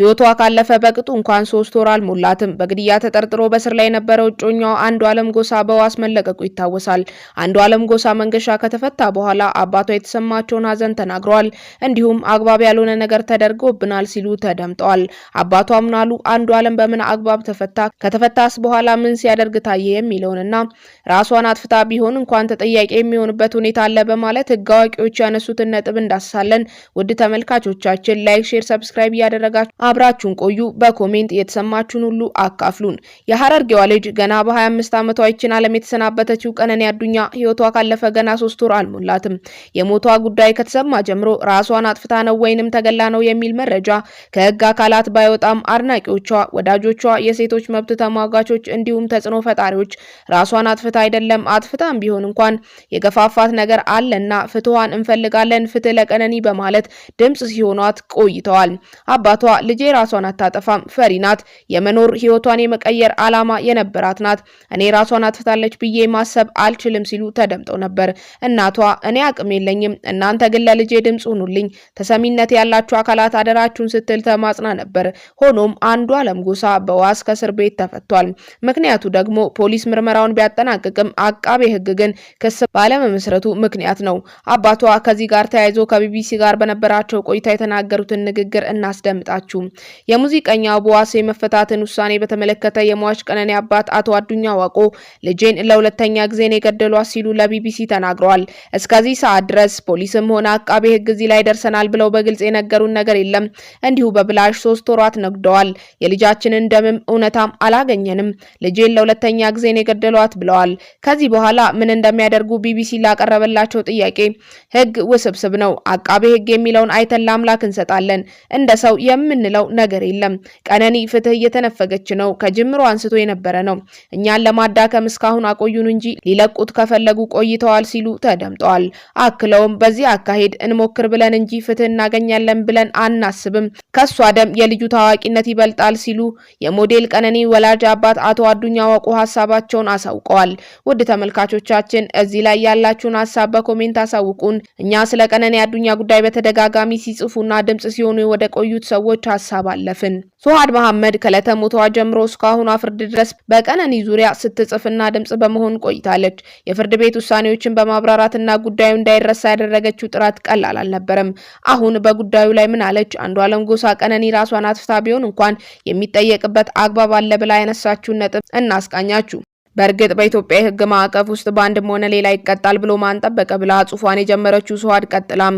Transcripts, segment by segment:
ህይወቷ ካለፈ በቅጡ እንኳን ሶስት ወር አልሞላትም። በግድያ ተጠርጥሮ በስር ላይ የነበረው እጮኛው አንዱ አለም ጎሳ በዋስ መለቀቁ ይታወሳል። አንዱ አለም ጎሳ መንገሻ ከተፈታ በኋላ አባቷ የተሰማቸውን ሀዘን ተናግረዋል። እንዲሁም አግባብ ያልሆነ ነገር ተደርጎብናል ሲሉ ተደምጠዋል። አባቷ ምናሉ አንዱ አለም በምን አግባብ ተፈታ፣ ከተፈታስ በኋላ ምን ሲያደርግ ታየ የሚለውንና ራሷን አጥፍታ ቢሆን እንኳን ተጠያቂ የሚሆንበት ሁኔታ አለ በማለት ህግ አዋቂዎች ያነሱትን ነጥብ እንዳስሳለን። ውድ ተመልካቾቻችን ላይክ፣ ሼር፣ ሰብስክራይብ እያደረጋችሁ አብራችሁን ቆዩ። በኮሜንት የተሰማችሁን ሁሉ አካፍሉን። የሐረርጌዋ ልጅ ገና በ25 ዓመቷ ይችን ዓለም የተሰናበተችው ቀነኒ አዱኛ ህይወቷ ካለፈ ገና ሶስት ወር አልሞላትም። የሞቷ ጉዳይ ከተሰማ ጀምሮ ራሷን አጥፍታ ነው ወይንም ተገላ ነው የሚል መረጃ ከህግ አካላት ባይወጣም አድናቂዎቿ፣ ወዳጆቿ፣ የሴቶች መብት ተሟጋቾች እንዲሁም ተጽዕኖ ፈጣሪዎች ራሷን አጥፍታ አይደለም አጥፍታም ቢሆን እንኳን የገፋፋት ነገር አለና ፍትኋን እንፈልጋለን፣ ፍትህ ለቀነኒ በማለት ድምጽ ሲሆኗት ቆይተዋል። አባቷ ልጄ ራሷን አታጠፋም፣ ፈሪ ናት፣ የመኖር ህይወቷን የመቀየር አላማ የነበራት ናት። እኔ ራሷን አጥፍታለች ብዬ ማሰብ አልችልም ሲሉ ተደምጠው ነበር። እናቷ እኔ አቅም የለኝም፣ እናንተ ግን ለልጄ ድምፅ ሁኑልኝ፣ ተሰሚነት ያላችሁ አካላት አደራችሁን ስትል ተማጽና ነበር። ሆኖም አንዱ አለም ጎሳ በዋስ ከእስር ቤት ተፈቷል። ምክንያቱ ደግሞ ፖሊስ ምርመራውን ቢያጠናቅቅም አቃቤ ህግ ግን ክስ ባለመመስረቱ ምክንያት ነው። አባቷ ከዚህ ጋር ተያይዞ ከቢቢሲ ጋር በነበራቸው ቆይታ የተናገሩትን ንግግር እናስደምጣችሁ። የሙዚቀኛ በዋስ መፈታትን ውሳኔ በተመለከተ የሟች ቀነኔ አባት አቶ አዱኛ ዋቆ ልጄን ለሁለተኛ ጊዜ ነው የገደሏት ሲሉ ለቢቢሲ ተናግረዋል። እስከዚህ ሰዓት ድረስ ፖሊስም ሆነ አቃቤ ሕግ እዚህ ላይ ደርሰናል ብለው በግልጽ የነገሩን ነገር የለም። እንዲሁ በብላሽ ሶስት ወራት ነግደዋል። የልጃችንን ደምም እውነታም አላገኘንም። ልጄን ለሁለተኛ ጊዜ ነው የገደሏት ብለዋል። ከዚህ በኋላ ምን እንደሚያደርጉ ቢቢሲ ላቀረበላቸው ጥያቄ ሕግ ውስብስብ ነው። አቃቤ ሕግ የሚለውን አይተን ለአምላክ እንሰጣለን። እንደ ሰው የምን የምንለው ነገር የለም። ቀነኒ ፍትህ እየተነፈገች ነው። ከጅምሮ አንስቶ የነበረ ነው። እኛን ለማዳከም እስካሁን አቆዩን እንጂ ሊለቁት ከፈለጉ ቆይተዋል ሲሉ ተደምጠዋል። አክለውም በዚህ አካሄድ እንሞክር ብለን እንጂ ፍትህ እናገኛለን ብለን አናስብም፣ ከእሷ ደም የልጁ ታዋቂነት ይበልጣል ሲሉ የሞዴል ቀነኒ ወላጅ አባት አቶ አዱኛ ወቁ ሀሳባቸውን አሳውቀዋል። ውድ ተመልካቾቻችን እዚህ ላይ ያላችሁን ሀሳብ በኮሜንት አሳውቁን። እኛ ስለ ቀነኒ አዱኛ ጉዳይ በተደጋጋሚ ሲጽፉና ድምጽ ሲሆኑ ወደ ቆዩት ሰዎች ሀሳብ አለፍን። ሶሃድ መሐመድ ከዕለተ ሞቷ ጀምሮ እስካሁኗ ፍርድ ድረስ በቀነኒ ዙሪያ ስትጽፍና ድምጽ በመሆን ቆይታለች። የፍርድ ቤት ውሳኔዎችን በማብራራትና ጉዳዩ እንዳይረሳ ያደረገችው ጥረት ቀላል አልነበረም። አሁን በጉዳዩ ላይ ምን አለች? አንዷለም ጎሳ ቀነኒ ራሷን አትፍታ ቢሆን እንኳን የሚጠየቅበት አግባብ አለ ብላ ያነሳችውን ነጥብ እናስቃኛችሁ። በእርግጥ በኢትዮጵያ የህግ ማዕቀፍ ውስጥ በአንድም ሆነ ሌላ ይቀጣል ብሎ ማን ጠበቀ ብላ ጽሁፏን የጀመረችው ሰዋድ ቀጥላም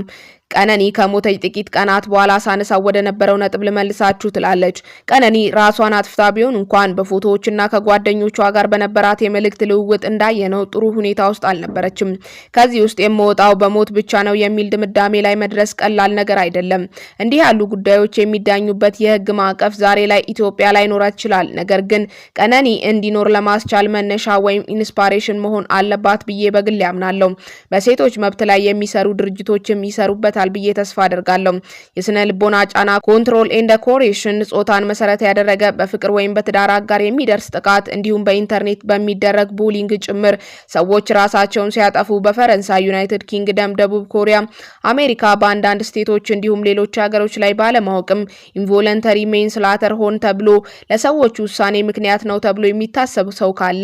ቀነኒ ከሞተች ጥቂት ቀናት በኋላ ሳነሳው ወደ ነበረው ነጥብ ልመልሳችሁ ትላለች። ቀነኒ ራሷን አጥፍታ ቢሆን እንኳን በፎቶዎችና ከጓደኞቿ ጋር በነበራት የመልእክት ልውውጥ እንዳየነው ጥሩ ሁኔታ ውስጥ አልነበረችም። ከዚህ ውስጥ የምወጣው በሞት ብቻ ነው የሚል ድምዳሜ ላይ መድረስ ቀላል ነገር አይደለም። እንዲህ ያሉ ጉዳዮች የሚዳኙበት የህግ ማዕቀፍ ዛሬ ላይ ኢትዮጵያ ላይ ኖራት ይችላል። ነገር ግን ቀነኒ እንዲኖር ለማስቻል መነሻ ወይም ኢንስፓሬሽን መሆን አለባት ብዬ በግል ያምናለሁ። በሴቶች መብት ላይ የሚሰሩ ድርጅቶችም ይሰሩበታል። ይፈታል ብዬ ተስፋ አደርጋለሁ። የስነ ልቦና ጫና ኮንትሮል ኤንድ ኮሬሽን፣ ጾታን መሰረት ያደረገ በፍቅር ወይም በትዳር አጋር የሚደርስ ጥቃት እንዲሁም በኢንተርኔት በሚደረግ ቡሊንግ ጭምር ሰዎች ራሳቸውን ሲያጠፉ በፈረንሳይ፣ ዩናይትድ ኪንግደም፣ ደቡብ ኮሪያ፣ አሜሪካ በአንዳንድ ስቴቶች እንዲሁም ሌሎች ሀገሮች ላይ ባለማወቅም ኢንቮለንተሪ ሜንስላተር ሆን ተብሎ ለሰዎች ውሳኔ ምክንያት ነው ተብሎ የሚታሰብ ሰው ካለ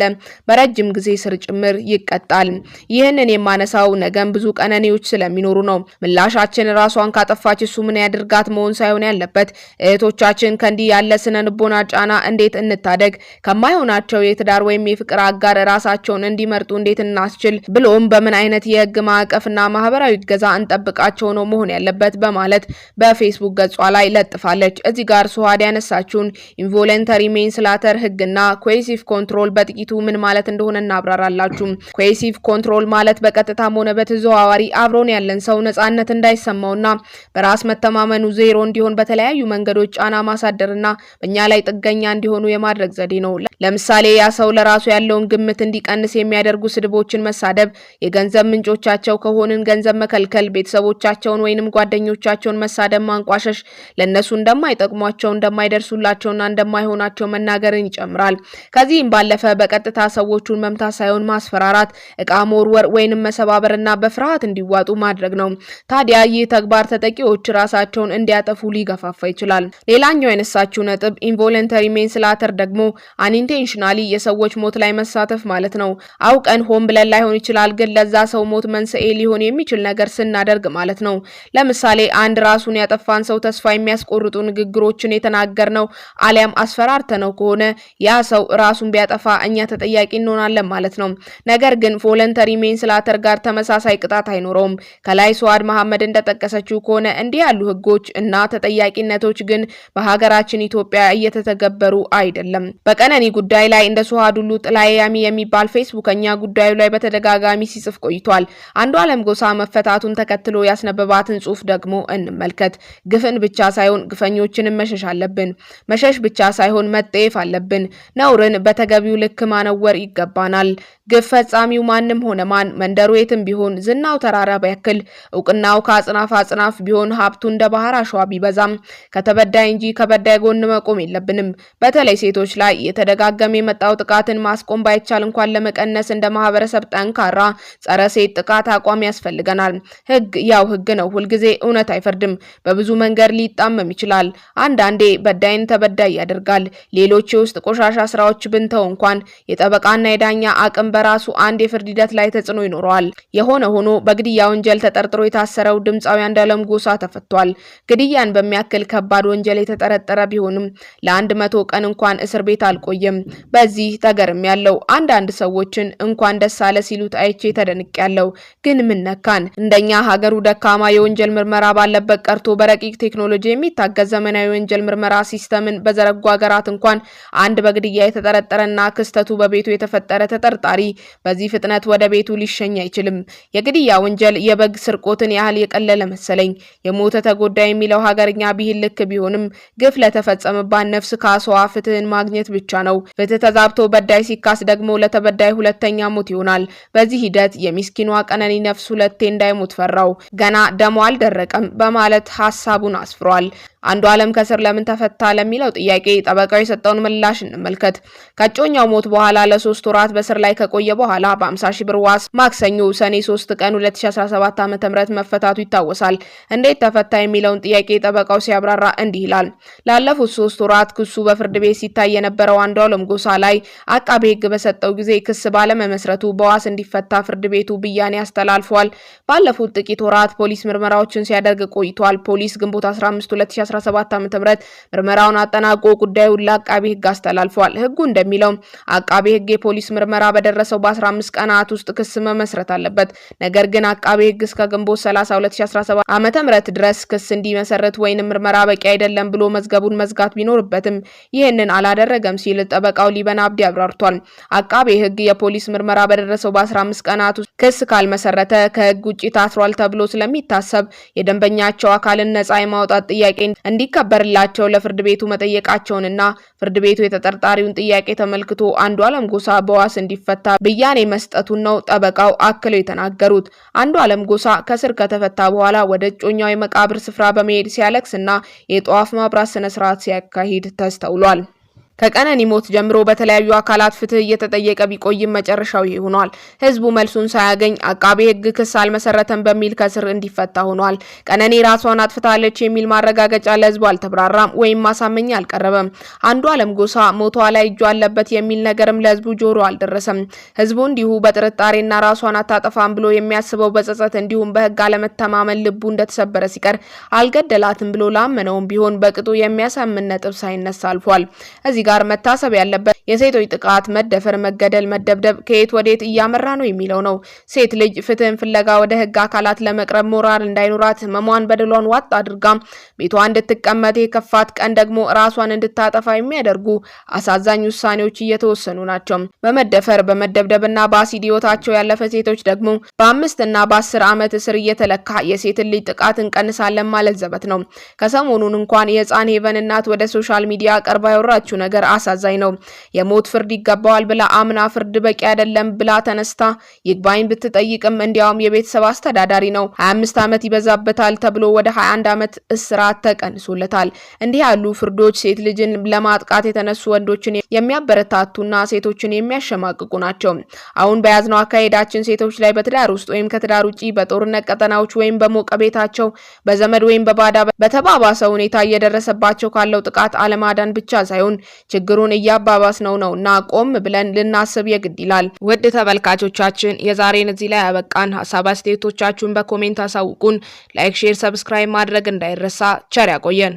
በረጅም ጊዜ ስር ጭምር ይቀጣል። ይህንን የማነሳው ነገም ብዙ ቀነኔዎች ስለሚኖሩ ነው። ምላሻ እህታችን ራሷን ካጠፋች እሱ ምን ያድርጋት መሆን ሳይሆን ያለበት እህቶቻችን ከእንዲህ ያለ ስነ ልቦና ጫና እንዴት እንታደግ፣ ከማይሆናቸው የትዳር ወይም የፍቅር አጋር ራሳቸውን እንዲመርጡ እንዴት እናስችል፣ ብሎም በምን አይነት የህግ ማዕቀፍና ማህበራዊ እገዛ እንጠብቃቸው ነው መሆን ያለበት በማለት በፌስቡክ ገጿ ላይ ለጥፋለች። እዚህ ጋር ሱሃድ ያነሳችውን ኢንቮለንተሪ ሜንስላተር ህግና ኮሲቭ ኮንትሮል በጥቂቱ ምን ማለት እንደሆነ እናብራራላችሁ። ኮሲቭ ኮንትሮል ማለት በቀጥታም ሆነ በተዘዋዋሪ አብሮን ያለን ሰው ነጻነት እንዳ እንዳይሰማውና በራስ መተማመኑ ዜሮ እንዲሆን በተለያዩ መንገዶች ጫና ማሳደርና በእኛ ላይ ጥገኛ እንዲሆኑ የማድረግ ዘዴ ነው። ለምሳሌ ያ ሰው ለራሱ ያለውን ግምት እንዲቀንስ የሚያደርጉ ስድቦችን መሳደብ፣ የገንዘብ ምንጮቻቸው ከሆንን ገንዘብ መከልከል፣ ቤተሰቦቻቸውን ወይንም ጓደኞቻቸውን መሳደብ፣ ማንቋሸሽ፣ ለእነሱ እንደማይጠቅሟቸው እንደማይደርሱላቸውና እንደማይሆናቸው መናገርን ይጨምራል። ከዚህም ባለፈ በቀጥታ ሰዎቹን መምታት ሳይሆን ማስፈራራት፣ እቃ መወርወር ወይንም መሰባበርና በፍርሃት እንዲዋጡ ማድረግ ነው። ታዲያ ይህ ተግባር ተጠቂዎች ራሳቸውን እንዲያጠፉ ሊገፋፋ ይችላል። ሌላኛው የነሳችው ነጥብ ኢንቮለንተሪ ሜንስላተር ደግሞ አንኢንቴንሽናሊ የሰዎች ሞት ላይ መሳተፍ ማለት ነው። አውቀን ሆን ብለን ላይሆን ይችላል፣ ግን ለዛ ሰው ሞት መንስኤ ሊሆን የሚችል ነገር ስናደርግ ማለት ነው። ለምሳሌ አንድ ራሱን ያጠፋን ሰው ተስፋ የሚያስቆርጡ ንግግሮችን ነው አሊያም አስፈራርተ ነው ከሆነ ያ ሰው ራሱን ቢያጠፋ እኛ ተጠያቂ እንሆናለን ማለት ነው። ነገር ግን ቮለንተሪ ሜንስላተር ጋር ተመሳሳይ ቅጣት አይኖረውም። ከላይ ሱአድ መሐመድ እንደጠቀሰችው ከሆነ እንዲህ ያሉ ህጎች እና ተጠያቂነቶች ግን በሀገራችን ኢትዮጵያ እየተተገበሩ አይደለም። በቀነኒ ጉዳይ ላይ እንደ ሱሃዱሉ ጥላያሚ የሚባል ፌስቡከኛ ጉዳዩ ላይ በተደጋጋሚ ሲጽፍ ቆይቷል። አንዱ አለም ጎሳ መፈታቱን ተከትሎ ያስነበባትን ጽሁፍ ደግሞ እንመልከት። ግፍን ብቻ ሳይሆን ግፈኞችንም መሸሽ አለብን። መሸሽ ብቻ ሳይሆን መጠየፍ አለብን። ነውርን በተገቢው ልክ ማነወር ይገባናል። ግፍ ፈጻሚው ማንም ሆነ ማን መንደሩ የትም ቢሆን ዝናው ተራራ ቢያክል እውቅናው አጽናፍ አጽናፍ ቢሆን ሀብቱ እንደ ባህር አሸዋ ቢበዛም ከተበዳይ እንጂ ከበዳይ ጎን መቆም የለብንም። በተለይ ሴቶች ላይ የተደጋገመ የመጣው ጥቃትን ማስቆም ባይቻል እንኳን ለመቀነስ እንደ ማህበረሰብ ጠንካራ ጸረ ሴት ጥቃት አቋም ያስፈልገናል። ህግ ያው ህግ ነው፣ ሁልጊዜ እውነት አይፈርድም። በብዙ መንገድ ሊጣመም ይችላል። አንዳንዴ በዳይን ተበዳይ ያደርጋል። ሌሎች የውስጥ ቆሻሻ ስራዎች ብንተው እንኳን የጠበቃና የዳኛ አቅም በራሱ አንድ የፍርድ ሂደት ላይ ተጽዕኖ ይኖረዋል። የሆነ ሆኖ በግድያ ወንጀል ተጠርጥሮ የታሰረው ድምፃዊ አንዷለም ጎሳ ተፈቷል። ግድያን በሚያክል ከባድ ወንጀል የተጠረጠረ ቢሆንም ለአንድ መቶ ቀን እንኳን እስር ቤት አልቆየም። በዚህ ተገርም ያለው አንዳንድ ሰዎችን እንኳን ደስ አለ ሲሉት አይቼ ተደንቅ ያለው ግን ምን ነካን? እንደኛ ሀገሩ ደካማ የወንጀል ምርመራ ባለበት ቀርቶ በረቂቅ ቴክኖሎጂ የሚታገዝ ዘመናዊ ወንጀል ምርመራ ሲስተምን በዘረጉ ሀገራት እንኳን አንድ በግድያ የተጠረጠረና ክስተቱ በቤቱ የተፈጠረ ተጠርጣሪ በዚህ ፍጥነት ወደ ቤቱ ሊሸኝ አይችልም። የግድያ ወንጀል የበግ ስርቆትን ያህል ቀለለ መሰለኝ። የሞተ ተጎዳ የሚለው ሀገርኛ ብሂል ልክ ቢሆንም ግፍ ለተፈጸመባት ነፍስ ካሷ ፍትህን ማግኘት ብቻ ነው። ፍትህ ተዛብቶ በዳይ ሲካስ ደግሞ ለተበዳይ ሁለተኛ ሞት ይሆናል። በዚህ ሂደት የሚስኪኗ ቀነኒ ነፍስ ሁለቴ እንዳይሞት ፈራው። ገና ደሞ አልደረቀም በማለት ሀሳቡን አስፍሯል። አንዱ ዓለም ከስር ለምን ተፈታ ለሚለው ጥያቄ ጠበቃው የሰጠውን ምላሽ እንመልከት። ከእጮኛው ሞት በኋላ ለሶስት ወራት በስር ላይ ከቆየ በኋላ በ50 ሺህ ብር ዋስ ማክሰኞ ሰኔ 3 ቀን 2017 ዓ ም መፈታቱ ይታወሳል። እንዴት ተፈታ የሚለውን ጥያቄ ጠበቃው ሲያብራራ እንዲህ ይላል። ላለፉት ሶስት ወራት ክሱ በፍርድ ቤት ሲታይ የነበረው አንዱ ዓለም ጎሳ ላይ አቃቤ ህግ በሰጠው ጊዜ ክስ ባለመመስረቱ በዋስ እንዲፈታ ፍርድ ቤቱ ብያኔ አስተላልፏል። ባለፉት ጥቂት ወራት ፖሊስ ምርመራዎችን ሲያደርግ ቆይቷል። ፖሊስ ግንቦት 15 2017 ዓ.ም ምርመራውን አጠናቆ ጉዳዩን ለአቃቢ ህግ አስተላልፏል። ህጉ እንደሚለው አቃቢ ህግ የፖሊስ ምርመራ በደረሰው በ15 ቀናት ውስጥ ክስ መመስረት አለበት። ነገር ግን አቃቢ ህግ እስከ ግንቦት 30 2017 ዓ.ም ድረስ ክስ እንዲመሰረት ወይንም ምርመራ በቂ አይደለም ብሎ መዝገቡን መዝጋት ቢኖርበትም ይህንን አላደረገም ሲል ጠበቃው ሊበን አብዲ አብራርቷል። አቃቤ ህግ የፖሊስ ምርመራ በደረሰው በ15 ቀናት ውስጥ ክስ ካልመሰረተ ከህግ ውጭ ታስሯል ተብሎ ስለሚታሰብ የደንበኛቸው አካልን ነጻ የማውጣት ጥያቄ እንዲከበርላቸው ለፍርድ ቤቱ መጠየቃቸውንና ፍርድ ቤቱ የተጠርጣሪውን ጥያቄ ተመልክቶ አንዱዓለም ጎሳ በዋስ እንዲፈታ ብያኔ መስጠቱን ነው ጠበቃው አክለው የተናገሩት። አንዱዓለም ጎሳ ከስር ከተፈታ በኋላ ወደ እጮኛው የመቃብር ስፍራ በመሄድ ሲያለቅስና የጧፍ ማብራት ስነስርዓት ሲያካሂድ ተስተውሏል። ከቀነኒ ሞት ጀምሮ በተለያዩ አካላት ፍትህ እየተጠየቀ ቢቆይም መጨረሻው ይህ ሆኗል። ህዝቡ መልሱን ሳያገኝ አቃቤ ህግ ክስ አልመሰረተም በሚል ከስር እንዲፈታ ሆኗል። ቀነኒ ራሷን አጥፍታለች የሚል ማረጋገጫ ለህዝቡ አልተብራራም ወይም ማሳመኛ አልቀረበም። አንዱ አለም ጎሳ ሞቷ ላይ እጁ አለበት የሚል ነገርም ለህዝቡ ጆሮ አልደረሰም። ህዝቡ እንዲሁ በጥርጣሬና ራሷን አታጠፋም ብሎ የሚያስበው በጸጸት እንዲሁም በህግ አለመተማመን ልቡ እንደተሰበረ ሲቀር አልገደላትም ብሎ ላመነውም ቢሆን በቅጡ የሚያሳምን ነጥብ ሳይነሳ አልፏል። እዚህ ጋር መታሰብ ያለበት የሴቶች ጥቃት፣ መደፈር፣ መገደል፣ መደብደብ ከየት ወዴት እያመራ ነው የሚለው ነው። ሴት ልጅ ፍትህን ፍለጋ ወደ ህግ አካላት ለመቅረብ ሞራል እንዳይኖራት ህመሟን በድሏን ዋጥ አድርጋ ቤቷ እንድትቀመጥ የከፋት ቀን ደግሞ ራሷን እንድታጠፋ የሚያደርጉ አሳዛኝ ውሳኔዎች እየተወሰኑ ናቸው። በመደፈር በመደብደብና በአሲድ ህይወታቸው ያለፈ ሴቶች ደግሞ በአምስት እና በአስር ዓመት እስር እየተለካ የሴትን ልጅ ጥቃት እንቀንሳለን ማለት ዘበት ነው። ከሰሞኑን እንኳን የህፃን ሄቨን እናት ወደ ሶሻል ሚዲያ ቀርባ ያወራችው ነገር አሳዛኝ ነው። የሞት ፍርድ ይገባዋል ብላ አምና ፍርድ በቂ አይደለም ብላ ተነስታ ይግባኝ ብትጠይቅም እንዲያውም የቤተሰብ አስተዳዳሪ ነው 25 ዓመት ይበዛበታል ተብሎ ወደ 21 ዓመት እስራት ተቀንሶለታል። እንዲህ ያሉ ፍርዶች ሴት ልጅን ለማጥቃት የተነሱ ወንዶችን የሚያበረታቱና ሴቶችን የሚያሸማቅቁ ናቸው። አሁን በያዝነው አካሄዳችን ሴቶች ላይ በትዳር ውስጥ ወይም ከትዳር ውጪ በጦርነት ቀጠናዎች ወይም በሞቀ ቤታቸው በዘመድ ወይም በባዳ በተባባሰ ሁኔታ እየደረሰባቸው ካለው ጥቃት አለማዳን ብቻ ሳይሆን ችግሩን እያባባስ ነው እየሆነው ነው እና ቆም ብለን ልናስብ የግድ ይላል። ውድ ተመልካቾቻችን የዛሬን እዚህ ላይ ያበቃን። ሀሳብ አስተያየቶቻችሁን በኮሜንት አሳውቁን። ላይክ፣ ሼር፣ ሰብስክራይብ ማድረግ እንዳይረሳ። ቸር ያቆየን።